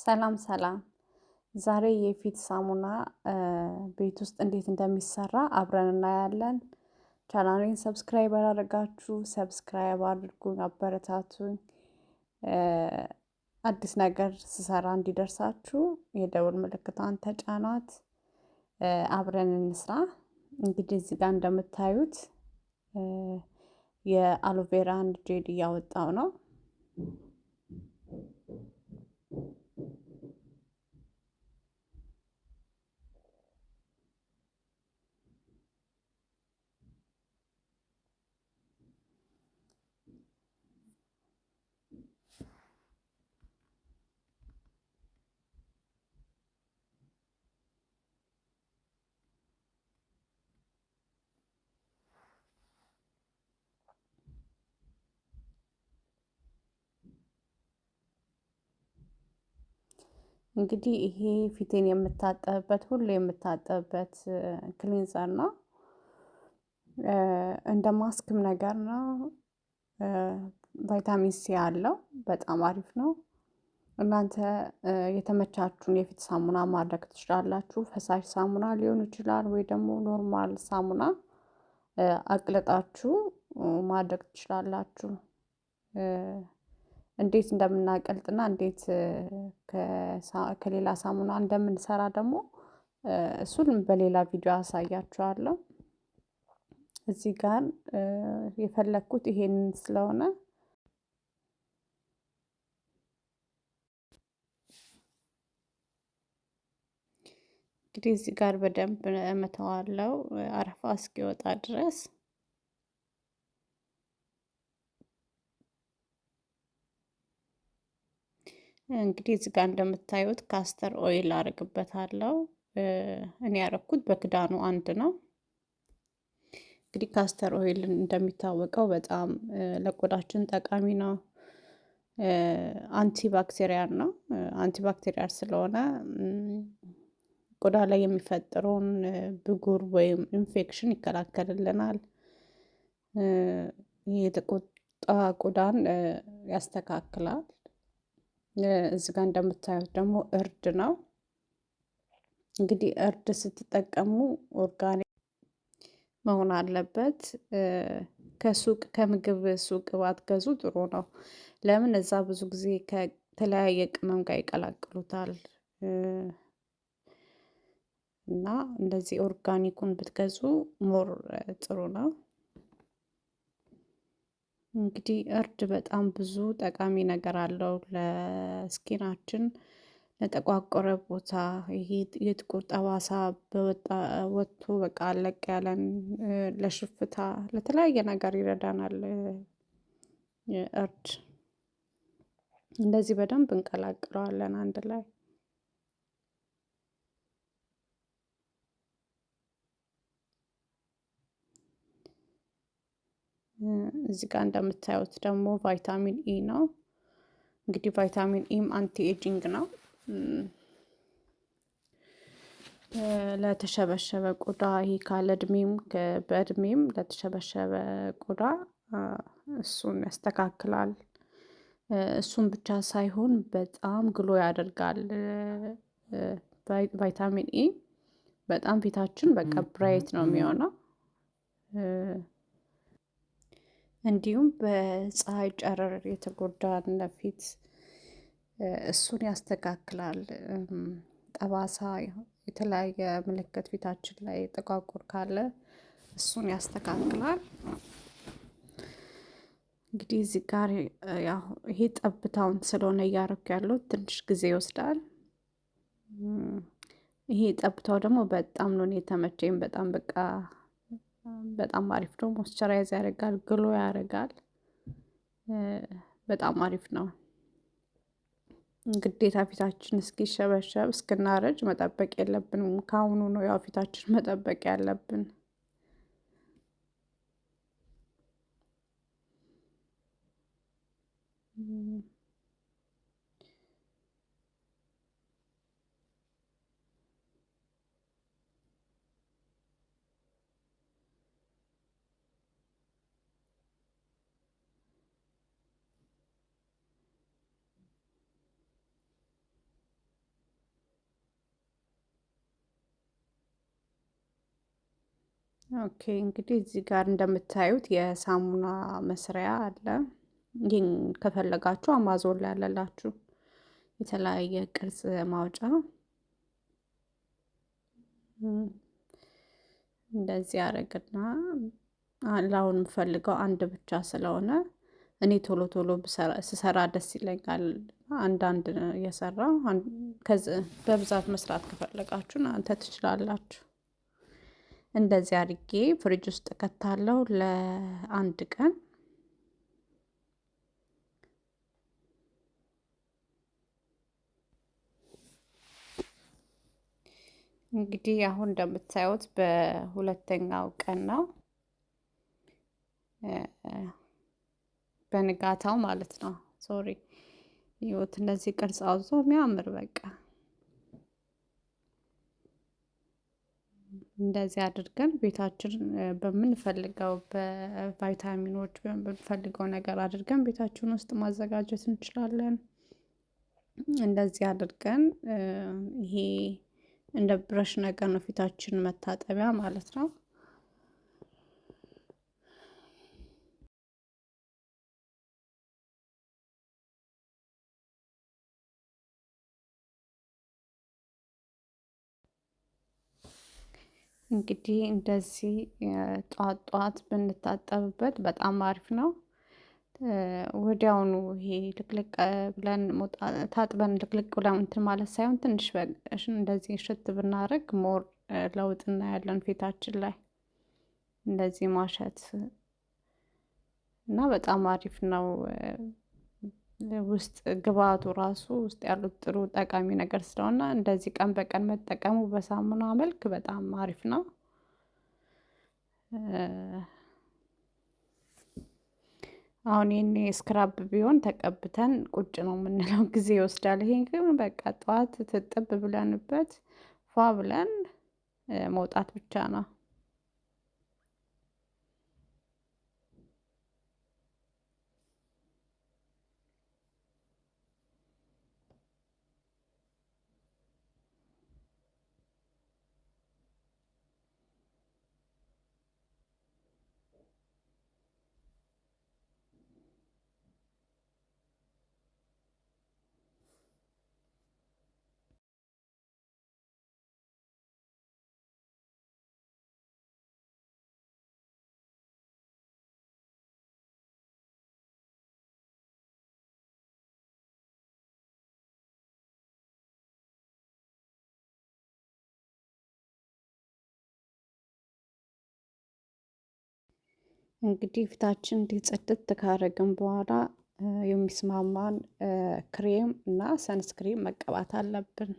ሰላም ሰላም። ዛሬ የፊት ሳሙና ቤት ውስጥ እንዴት እንደሚሰራ አብረን እናያለን። ቻናሌን ሰብስክራይብ አላደርጋችሁ ሰብስክራይብ አድርጉኝ፣ አበረታቱኝ። አዲስ ነገር ስሰራ እንዲደርሳችሁ የደውል ምልክቷን ተጫኗት። አብረን እንስራ። እንግዲህ እዚህ ጋር እንደምታዩት የአሎቬራን ጄል እያወጣው ነው እንግዲህ ይሄ ፊቴን የምታጠብበት ሁሉ የምታጠብበት ክሊንዘር ነው። እንደ ማስክም ነገር ነው። ቫይታሚን ሲ አለው። በጣም አሪፍ ነው። እናንተ የተመቻችሁን የፊት ሳሙና ማድረግ ትችላላችሁ። ፈሳሽ ሳሙና ሊሆን ይችላል፣ ወይ ደግሞ ኖርማል ሳሙና አቅልጣችሁ ማድረግ ትችላላችሁ። እንዴት እንደምናቀልጥና እንዴት ከሌላ ሳሙና እንደምንሰራ ደግሞ እሱን በሌላ ቪዲዮ አሳያችኋለሁ። እዚህ ጋር የፈለግኩት ይሄንን ስለሆነ እንግዲህ እዚህ ጋር በደንብ እመተዋለው አረፋ እስኪወጣ ድረስ እንግዲህ እዚህ ጋር እንደምታዩት ካስተር ኦይል አረግበታለሁ። እኔ ያረኩት በክዳኑ አንድ ነው። እንግዲህ ካስተር ኦይል እንደሚታወቀው በጣም ለቆዳችን ጠቃሚ ነው። አንቲባክቴሪያል ነው። አንቲባክቴሪያል ስለሆነ ቆዳ ላይ የሚፈጠረውን ብጉር ወይም ኢንፌክሽን ይከላከልልናል። የተቆጣ ቆዳን ያስተካክላል። እዚህ ጋር እንደምታዩት ደግሞ እርድ ነው። እንግዲህ እርድ ስትጠቀሙ ኦርጋኒክ መሆን አለበት። ከሱቅ ከምግብ ሱቅ ባትገዙ ጥሩ ነው። ለምን እዛ ብዙ ጊዜ ከተለያየ ቅመም ጋር ይቀላቅሉታል እና እንደዚህ ኦርጋኒኩን ብትገዙ ሞር ጥሩ ነው። እንግዲህ እርድ በጣም ብዙ ጠቃሚ ነገር አለው ለስኪናችን፣ ለጠቋቆረ ቦታ ይሄ የጥቁር ጠባሳ ወጥቶ በቃ አለቅ ያለን፣ ለሽፍታ፣ ለተለያየ ነገር ይረዳናል። እርድ እንደዚህ በደንብ እንቀላቅለዋለን አንድ ላይ እዚህ ጋር እንደምታዩት ደግሞ ቫይታሚን ኢ ነው። እንግዲህ ቫይታሚን ኢም አንቲ ኤጂንግ ነው። ለተሸበሸበ ቆዳ ይሄ ካለ እድሜም በእድሜም ለተሸበሸበ ቆዳ እሱን ያስተካክላል። እሱን ብቻ ሳይሆን በጣም ግሎ ያደርጋል። ቫይታሚን ኢ በጣም ፊታችን በቃ ብራይት ነው የሚሆነው። እንዲሁም በፀሐይ ጨረር የተጎዳን ፊት እሱን ያስተካክላል። ጠባሳ፣ የተለያየ ምልክት ፊታችን ላይ ጥቋቁር ካለ እሱን ያስተካክላል። እንግዲህ እዚህ ጋር ይሄ ጠብታውን ስለሆነ እያረኩ ያለው ትንሽ ጊዜ ይወስዳል። ይሄ ጠብታው ደግሞ በጣም ነው የተመቸኝ። በጣም በቃ በጣም አሪፍ ነው። ሞስቸራይዝ ያደርጋል፣ ግሎ ያደርጋል። በጣም አሪፍ ነው። ግዴታ ፊታችን እስኪሸበሸብ እስክናረጅ መጠበቅ የለብንም። ከአሁኑ ነው ያው ፊታችን መጠበቅ ያለብን። ኦኬ እንግዲህ እዚህ ጋር እንደምታዩት የሳሙና መስሪያ አለ። ይህን ከፈለጋችሁ አማዞን ላይ ያለላችሁ የተለያየ ቅርጽ ማውጫ እንደዚህ ያደረግና ለአሁን የምፈልገው አንድ ብቻ ስለሆነ እኔ ቶሎ ቶሎ ስሰራ ደስ ይለኛል። አንዳንድ የሰራው በብዛት መስራት ከፈለጋችሁ እናንተ ትችላላችሁ። እንደዚህ አድርጌ ፍሪጅ ውስጥ እከታለሁ ለአንድ ቀን። እንግዲህ አሁን እንደምታዩት በሁለተኛው ቀን ነው፣ በንጋታው ማለት ነው። ሶሪ ይወት እነዚህ ቅርጽ አውዞ የሚያምር በቃ እንደዚህ አድርገን ቤታችን በምንፈልገው በቫይታሚኖች በምንፈልገው ነገር አድርገን ቤታችን ውስጥ ማዘጋጀት እንችላለን። እንደዚህ አድርገን ይሄ እንደ ብረሽ ነገር ነው ፊታችን መታጠቢያ ማለት ነው። እንግዲህ እንደዚህ ጠዋት ጠዋት ብንታጠብበት በጣም አሪፍ ነው። ወዲያውኑ ይሄ ልቅልቅ ብለን ታጥበን ልቅልቅ ብለን እንትን ማለት ሳይሆን ትንሽ እንደዚህ ሽት ብናደርግ ሞር ለውጥ እናያለን ፊታችን ላይ እንደዚህ ማሸት እና በጣም አሪፍ ነው። ውስጥ ግብአቱ ራሱ ውስጥ ያሉት ጥሩ ጠቃሚ ነገር ስለሆነ እንደዚህ ቀን በቀን መጠቀሙ በሳሙና መልክ በጣም አሪፍ ነው። አሁን ይህኔ ስክራብ ቢሆን ተቀብተን ቁጭ ነው የምንለው፣ ጊዜ ይወስዳል። ይሄ ግን በቃ ጠዋት ትጥብ ብለንበት ፏ ብለን መውጣት ብቻ ነው። እንግዲህ ፊታችን እንዲህ ጽድት ካረግን በኋላ የሚስማማን ክሬም እና ሰንስክሪም መቀባት አለብን።